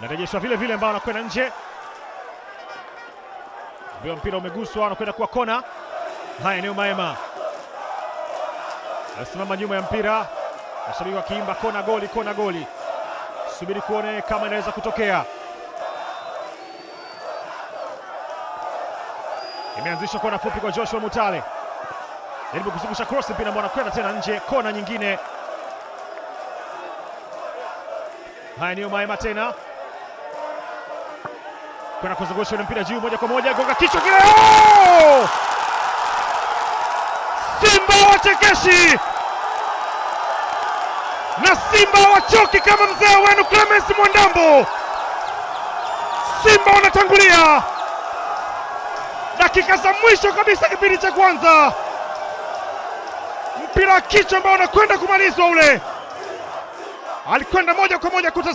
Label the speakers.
Speaker 1: narejeshwa vile vile, ambao anakwenda nje mbio, mpira umeguswa, anakwenda kuwa kona. Haya, eneo Maema anasimama nyuma ya mpira, mashabiki wakiimba kona goli, kona goli. Subiri kuone kama inaweza kutokea. Imeanzishwa kona fupi kwa Joshua Mutale, jaribu kuzungusha cross, mpira ambao anakwenda tena nje, kona nyingine. Haya, eneo Maema tena kwenda kuzungusha ule mpira juu moja kwa moja, gonga kichwa kile. Simba wachekeshi na Simba wachoki kama mzee wenu Clemens Mwandambo. Simba wanatangulia dakika za mwisho kabisa kipindi cha kwanza, mpira wa kichwa ambao unakwenda kumalizwa ule, alikwenda moja kwa moja kuta